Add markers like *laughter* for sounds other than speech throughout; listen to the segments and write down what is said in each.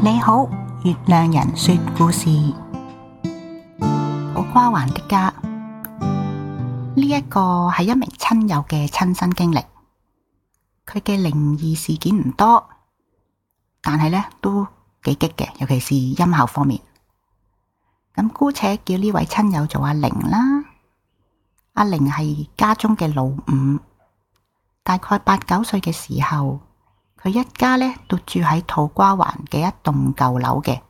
你好，月亮人說故事。土瓜灣的家呢一、這個係一名親友嘅親身經歷，佢嘅靈異事件唔多，但係呢都幾激嘅，尤其是音效方面。咁姑且叫呢位親友做阿玲啦。阿玲係家中嘅老五，大概八九歲嘅時候。佢一家咧都住喺土瓜灣嘅一棟舊樓嘅，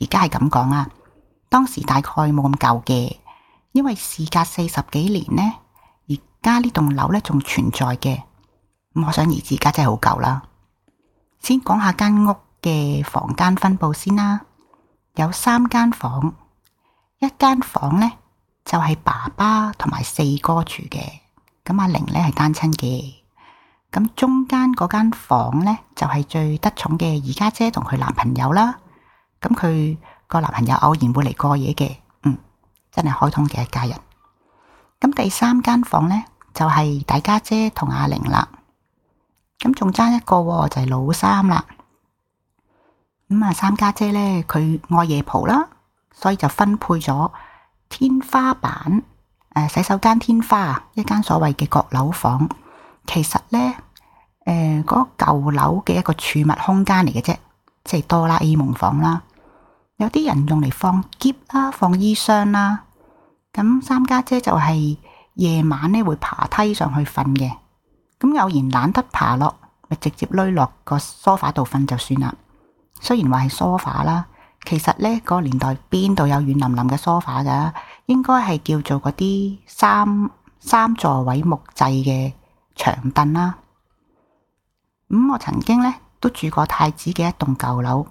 而家係咁講啊。當時大概冇咁舊嘅，因為事隔四十幾年呢，而家呢棟樓咧仲存在嘅。咁可想而知，而家真係好舊啦。先講下間屋嘅房間分佈先啦，有三間房，一間房咧就係、是、爸爸同埋四哥住嘅，咁阿玲咧係單親嘅。咁中間嗰間房呢，就係最得寵嘅二家姐同佢男朋友啦。咁佢個男朋友偶然會嚟過夜嘅，嗯，真係開通嘅一家人。咁第三間房呢，就係大家姐同阿玲啦。咁仲爭一個就係老三啦。咁啊三家姐呢，佢愛夜蒲啦，所以就分配咗天花板，啊、洗手間天花一間所謂嘅閣樓房。其實呢，誒嗰舊樓嘅一個儲物空間嚟嘅啫，即係哆啦 A 夢房啦。有啲人用嚟放篋啦，放衣箱啦。咁三家姐就係夜晚呢會爬梯上去瞓嘅。咁偶然懶得爬落，咪直接攞落個梳化度瞓就算啦。雖然話係梳化啦，其實呢個年代邊度有軟腍腍嘅梳化㗎，啊？應該係叫做嗰啲三三座位木製嘅。長凳啦，咁、嗯、我曾經呢都住過太子嘅一棟舊樓，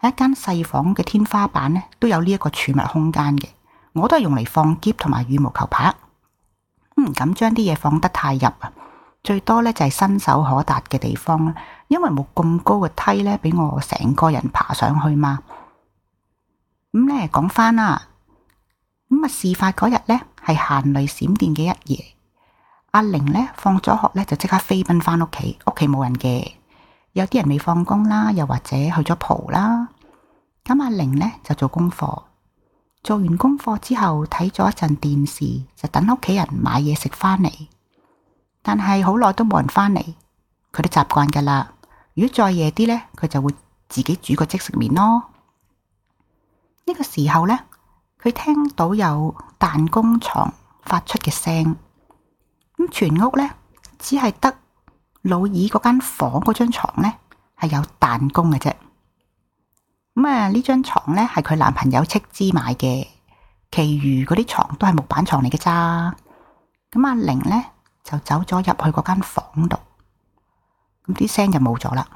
喺一間細房嘅天花板呢都有呢一個儲物空間嘅，我都係用嚟放篋同埋羽毛球拍，唔敢將啲嘢放得太入啊，最多呢就係、是、伸手可達嘅地方啦，因為冇咁高嘅梯呢俾我成個人爬上去嘛。咁、嗯、呢講翻啦，咁、嗯、啊事發嗰日呢係行雷閃電嘅一夜。阿玲呢放咗學呢，就即刻飛奔返屋企。屋企冇人嘅，有啲人未放工啦，又或者去咗蒲啦。咁阿玲呢，就做功課，做完功課之後睇咗一陣電視，就等屋企人買嘢食返嚟。但係好耐都冇人返嚟，佢都習慣噶啦。如果再夜啲呢，佢就會自己煮個即食麵咯。呢個時候呢，佢聽到有彈弓床發出嘅聲。咁全屋咧，只係得老二嗰間房嗰、啊、張床咧係有彈弓嘅啫。咁啊，呢張床咧係佢男朋友斥資買嘅，其餘嗰啲床都係木板床嚟嘅咋。咁、啊、阿玲咧就走咗入去嗰間房度，咁啲聲就冇咗啦。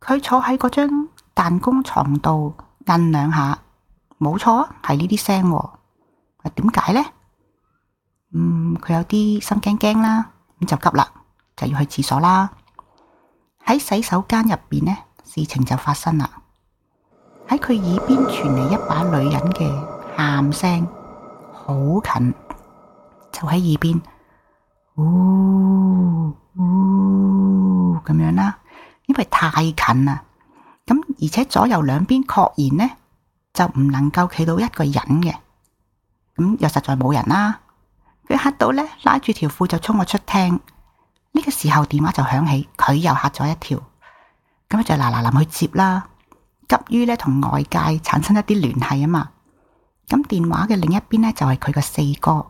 佢坐喺嗰張彈弓床度，摁兩下，冇錯啊，係呢啲聲。啊，點解咧？嗯，佢有啲心驚驚啦，咁就急啦，就要去廁所啦。喺洗手間入邊呢，事情就發生啦。喺佢耳邊傳嚟一把女人嘅喊聲，好近，就喺耳邊，嗚嗚咁樣啦。因為太近啦，咁而且左右兩邊確然呢，就唔能夠企到一個人嘅，咁又實在冇人啦。佢吓到咧，拉住條褲就衝我出廳。呢、這個時候電話就響起，佢又吓咗一跳，咁就嗱嗱林去接啦。急於咧同外界產生一啲聯繫啊嘛。咁電話嘅另一邊呢，就係佢嘅四哥。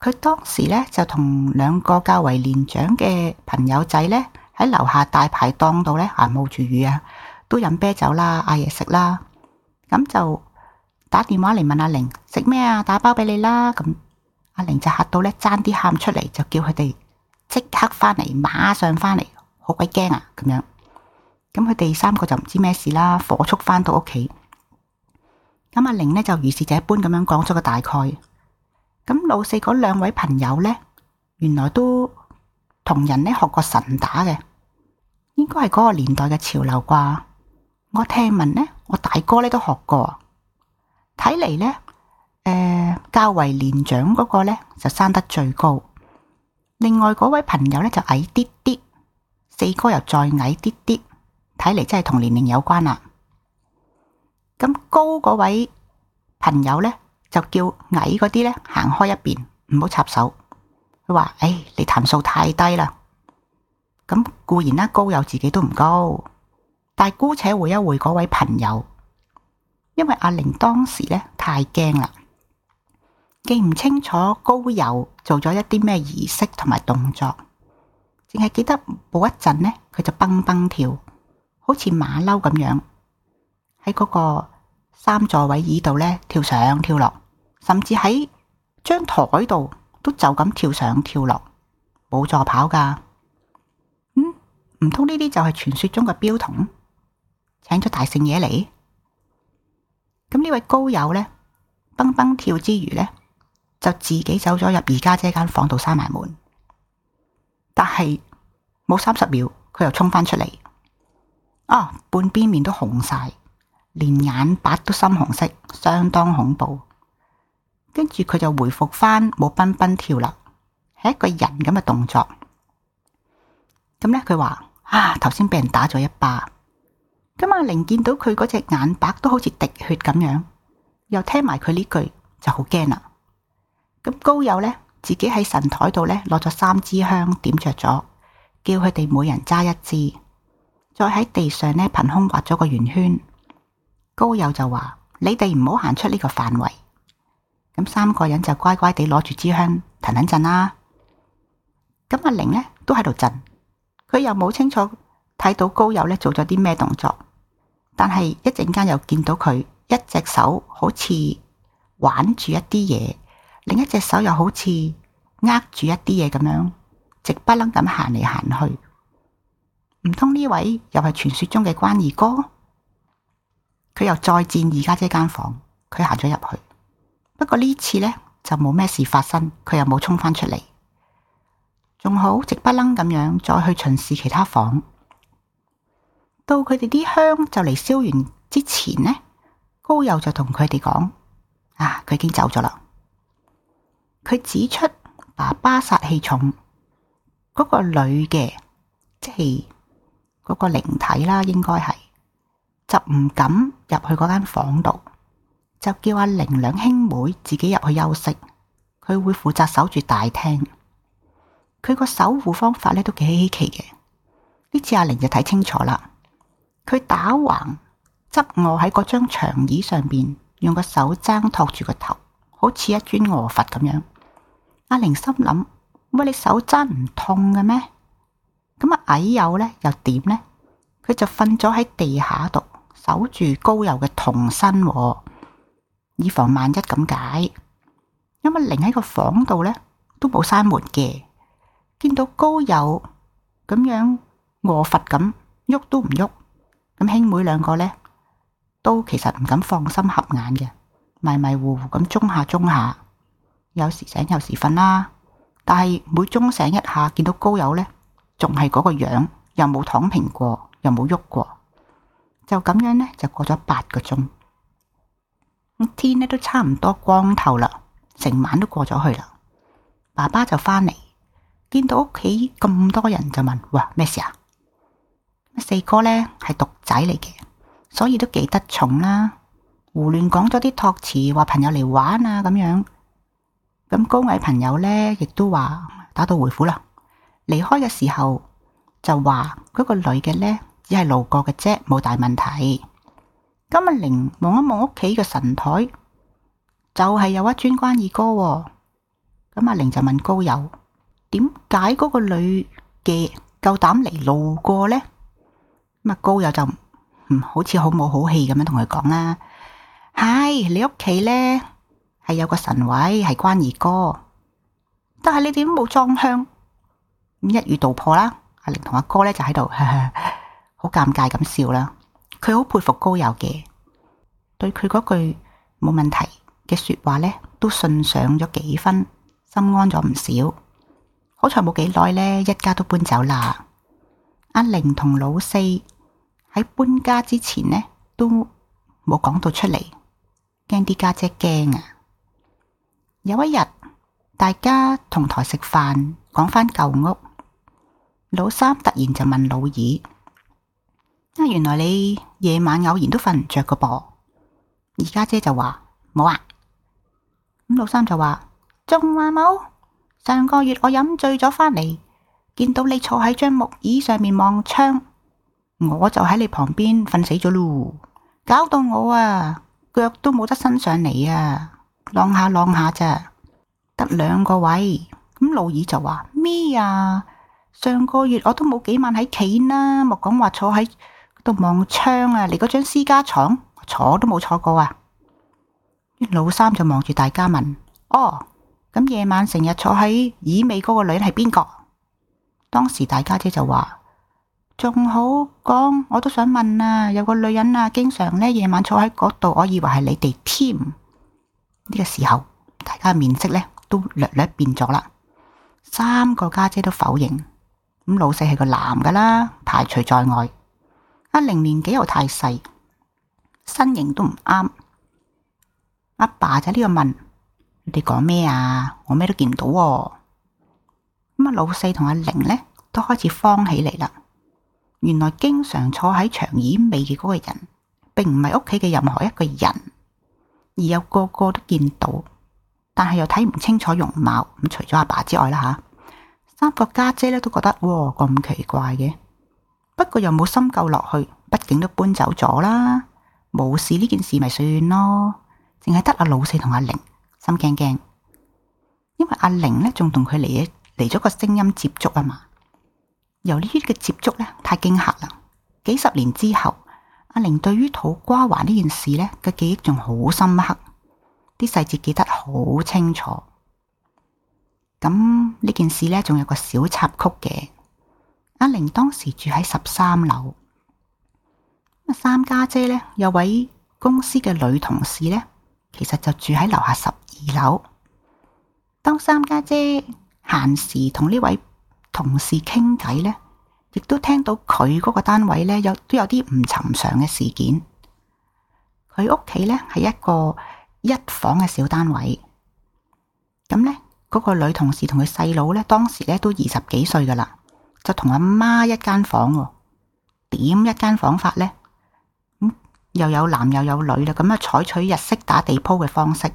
佢當時咧就同兩個較為年長嘅朋友仔咧喺樓下大排檔度咧，啊冒住雨啊，都飲啤酒啦，嗌嘢食啦，咁就打電話嚟問阿、啊、玲食咩啊？打包俾你啦咁。阿玲就嚇到咧，爭啲喊出嚟，就叫佢哋即刻翻嚟，馬上翻嚟，好鬼驚啊！咁樣，咁佢哋三個就唔知咩事啦，火速翻到屋企。咁、嗯、阿玲呢，就如是者般咁樣講咗個大概。咁、嗯、老四嗰兩位朋友呢，原來都同人呢學過神打嘅，應該係嗰個年代嘅潮流啩。我聽聞呢，我大哥呢都學過，睇嚟呢。誒，較為、uh, 年長嗰個咧就生得最高，另外嗰位朋友咧就矮啲啲，四哥又再矮啲啲，睇嚟真係同年齡有關啦。咁高嗰位朋友咧就叫矮嗰啲咧行開一邊，唔好插手。佢話：，誒、哎，你談數太低啦。咁固然啦，高又自己都唔高，但係姑且回一回嗰位朋友，因為阿玲當時咧太驚啦。記唔清楚高友做咗一啲咩儀式同埋動作，淨係記得冇一陣呢，佢就蹦蹦跳，好似馬騮咁樣喺嗰個三座位椅度呢跳上跳落，甚至喺張台度都就咁跳上跳落，冇助跑噶。嗯，唔通呢啲就係傳說中嘅標童，請咗大聖爺嚟？咁呢位高友呢，蹦蹦跳之餘呢，就自己走咗入二家姐間房度閂埋門，但係冇三十秒，佢又衝翻出嚟，啊、哦，半邊面都紅晒，連眼白都深紅色，相當恐怖。跟住佢就回復翻，冇蹦蹦跳啦，係一個人咁嘅動作。咁、嗯、呢，佢話啊，頭先俾人打咗一巴，咁阿玲見到佢嗰隻眼白都好似滴血咁樣，又聽埋佢呢句就好驚啦。咁高友呢，自己喺神台度呢攞咗三支香，點着咗，叫佢哋每人揸一支，再喺地上呢憑空畫咗個圓圈。高友就話：你哋唔好行出呢個範圍。咁三個人就乖乖地攞住支香，停停震啦。咁、啊、阿玲呢都喺度震，佢又冇清楚睇到高友呢做咗啲咩動作，但係一陣間又見到佢一隻手好似玩住一啲嘢。另一隻手又好似握住一啲嘢咁樣，直不楞咁行嚟行去。唔通呢位又係傳說中嘅關二哥？佢又再戰二家姐間房間，佢行咗入去。不過呢次呢，就冇咩事發生，佢又冇沖翻出嚟，仲好直不楞咁樣再去巡視其他房。到佢哋啲香就嚟燒完之前呢，高友就同佢哋講：啊，佢已經走咗啦。佢指出，爸爸殺氣重，嗰個女嘅即係嗰個靈體啦，應該係就唔敢入去嗰間房度，就叫阿玲兩兄妹自己入去休息，佢會負責守住大廳。佢個守護方法咧都幾稀奇嘅。呢次阿玲就睇清楚啦，佢打橫側卧喺嗰張長椅上邊，用個手踭托住個頭，好似一尊卧佛咁樣。阿玲心諗：喂，你手踭唔痛嘅咩？咁啊矮友咧又點咧？佢就瞓咗喺地下度，守住高友嘅童身，以防萬一咁解。因為玲喺個房度咧都冇閂門嘅，見到高友咁樣卧佛咁喐都唔喐，咁兄妹兩個咧都其實唔敢放心合眼嘅，迷迷糊糊咁中下中下。.有時醒，有時瞓啦。但係每鐘醒一下，見到高友呢，仲係嗰個樣，又冇躺平過，又冇喐過，就咁樣呢，就過咗八個鐘。天呢都差唔多光透啦，成晚都過咗去啦。爸爸就返嚟見到屋企咁多人就問：「哇，咩事啊？」四哥呢係獨仔嚟嘅，所以都幾得寵啦。胡亂講咗啲託詞，話朋友嚟玩啊，咁樣。咁高矮朋友咧，亦都話打道回府啦。離開嘅時候就話嗰、那個女嘅咧，只係路過嘅啫，冇大問題。咁、啊、阿玲望一望屋企嘅神台，就係、是、有一尊關二哥、哦。咁、啊、阿玲就問高友：點解嗰個女嘅夠膽嚟路過咧？咁、啊、阿高友就唔、嗯、好似好冇好氣咁樣同佢講啦：唉、哎，你屋企咧？係有個神位係關二哥，但係你哋都冇裝香，一語道破啦。阿玲同阿哥咧就喺度，呵 *laughs* 呵，好尷尬咁笑啦。佢好佩服高友嘅，對佢嗰句冇問題嘅説話咧，都信上咗幾分，心安咗唔少。好彩冇幾耐咧，一家都搬走啦。阿玲同老四喺搬家之前咧都冇講到出嚟，驚啲家姐驚啊！有一日，大家同台食飯，講返舊屋，老三突然就問老二：啊，原來你夜晚偶然都瞓唔着個噃？二家姐就話冇啊。咁老三就話：仲話冇？上個月我飲醉咗返嚟，見到你坐喺張木椅上面望窗，我就喺你旁邊瞓死咗咯，搞到我啊腳都冇得伸上嚟啊！晾下晾下咋，得兩個位。咁老二就話咩啊？上個月我都冇幾晚喺企啦，莫講話坐喺度望窗啊！你嗰張私家床坐都冇坐過啊！老三就望住大家問：哦，咁夜晚成日坐喺椅尾嗰個女人係邊個？當時大家姐就話仲好講，我都想問啦，啊，有個女人啊，經常咧夜晚坐喺嗰度，我以為係你哋添。呢個時候，大家面色咧都略略變咗啦。三個家姐都否認，咁老四係個男噶啦，排除在外。阿玲年紀又太細，身形都唔啱。阿爸就呢度問：你講咩啊？我咩都見唔到。咁啊，老四同阿玲呢都開始慌起嚟啦。原來經常坐喺長椅尾嘅嗰個人，並唔係屋企嘅任何一個人。而又個個都見到，但係又睇唔清楚容貌。咁除咗阿爸之外啦吓，三個家姐咧都覺得哇咁奇怪嘅。不過又冇深究落去，畢竟都搬走咗啦，冇事呢件事咪算咯。淨係得阿老四同阿玲心驚驚，因為阿玲咧仲同佢嚟咗嚟咗個聲音接觸啊嘛。由呢啲嘅接觸咧太驚吓啦，幾十年之後。阿玲對於土瓜灣呢件事呢，個記憶仲好深刻，啲細節記得好清楚。咁呢件事呢，仲有個小插曲嘅。阿玲當時住喺十三樓，三家姐呢，有位公司嘅女同事呢，其實就住喺樓下十二樓。當三家姐閒時同呢位同事傾偈呢，亦都聽到佢嗰個單位呢，有都有啲唔尋常嘅事件。佢屋企呢係一個一房嘅小單位，咁呢，嗰、那個女同事同佢細佬呢，當時呢都二十幾歲噶啦，就同阿媽一間房喎、哦。點一間房法呢、嗯？又有男又有女啦，咁啊，採取日式打地鋪嘅方式，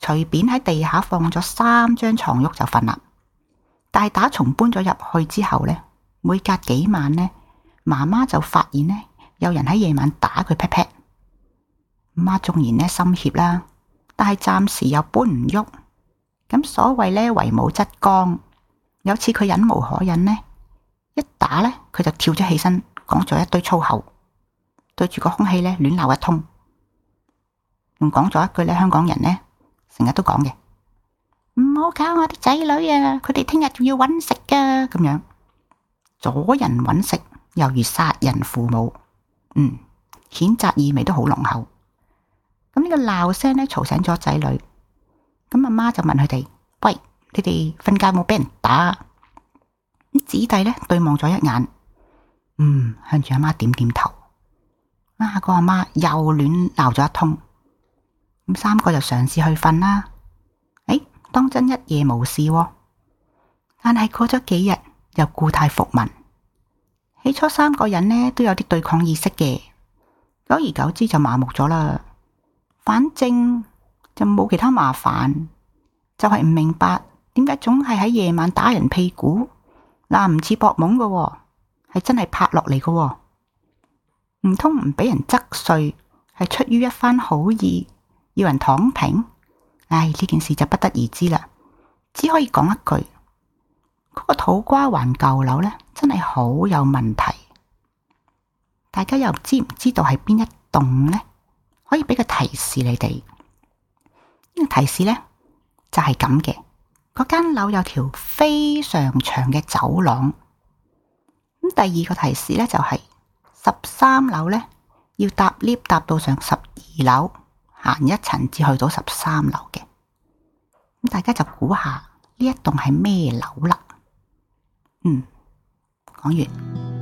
隨便喺地下放咗三張床褥就瞓啦。但係打從搬咗入去之後呢。每隔幾晚呢，媽媽就發現呢有人喺夜晚打佢 pat pat。媽縱然呢心怯啦，但係暫時又搬唔喐。咁所謂呢，為母則剛，有次佢忍無可忍呢，一打呢，佢就跳咗起身，講咗一堆粗口，對住個空氣呢亂鬧一通，仲講咗一句呢，香港人呢，成日都講嘅，唔好搞我啲仔女啊，佢哋聽日仲要搵食噶、啊、咁樣。阻人搵食，猶如殺人父母，嗯，譴責意味都好濃厚。咁呢個鬧聲呢，吵醒咗仔女，咁阿媽就問佢哋，喂，你哋瞓覺冇俾人打？咁子弟呢對望咗一眼，嗯，向住阿媽點點頭。啊，個阿媽又亂鬧咗一通，咁三個就嘗試去瞓啦。誒，當真一夜無事啊，但係過咗幾日，有固態服文，起初三個人呢都有啲對抗意識嘅，久而久之就麻木咗啦。反正就冇其他麻煩，就係、是、唔明白點解總係喺夜晚打人屁股，嗱，唔似搏懵嘅，係、哦、真係拍落嚟嘅。唔通唔俾人側睡，係出於一番好意，要人躺平？唉，呢件事就不得而知啦，只可以講一句。嗰個土瓜灣舊樓咧，真係好有問題。大家又知唔知道係邊一棟咧？可以俾個提示你哋。這個、提示呢就係咁嘅，嗰間樓有條非常長嘅走廊。第二個提示呢、就是，就係十三樓呢要搭 lift 搭到上十二樓，行一層至去到十三樓嘅。咁大家就估下呢一棟係咩樓啦。講完。Um,